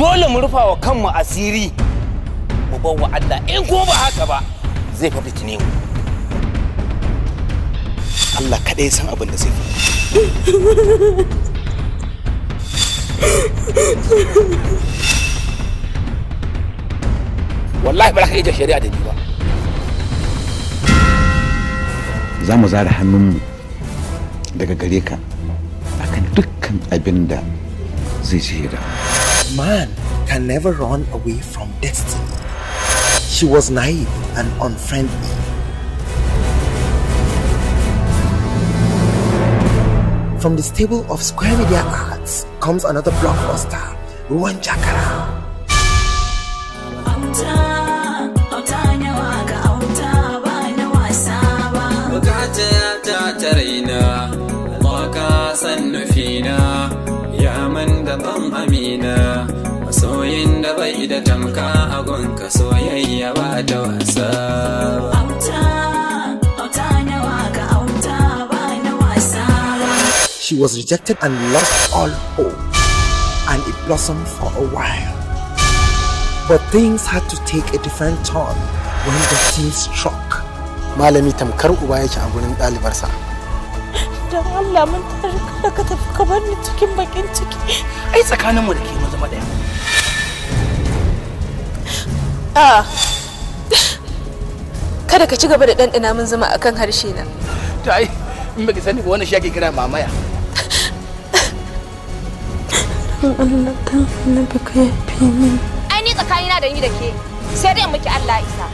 dole mu rufa wa kanmu asiri mu bar wa Allah in ko ba haka ba zai fa fitine mu Allah kaɗai san abin da zai wallahi ba za ka iya shari'a da ni ba za mu zara hannunmu daga gare ka akan dukkan abin da zai je da Man can never run away from destiny. She was naive and unfriendly. From the stable of Square Media Arts comes another blockbuster, Ruan Chakara. ta san nufina amina masoyin da bai da tamka a gonka soyayya ba da wasa She was rejected and lost all hope, and it blossomed for a while. But things had to take a different turn when the scene struck. Malami tamkar uba yake a gurin don Allah mun tarka da ka tafi ka bar ni cikin bakin ciki ai tsakanin mu da ke zama ɗaya a ah. kada ka ci gaba da ɗanɗana mun zama a kan harshe na to ai in baki sani ba wannan shi ake kira mamaya don Allah dan annabi ka yafe min ai ni tsakanina da ni da ke sai dai miki Allah isa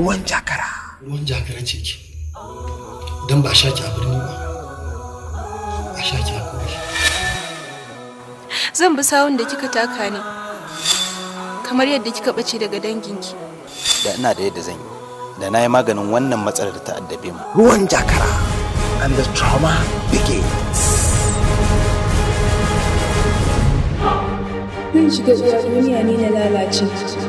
ruwan jakara ruwan jakara ce ke don ba shaki a birni ba a shaki a kuri zan bi sawun da kika taka ne kamar yadda kika bace daga danginki da ina da yadda zan yi da na yi maganin wannan matsalar da ta addabe mu ruwan jakara and the trauma begins Zan shiga zuwa duniya ne na lalace.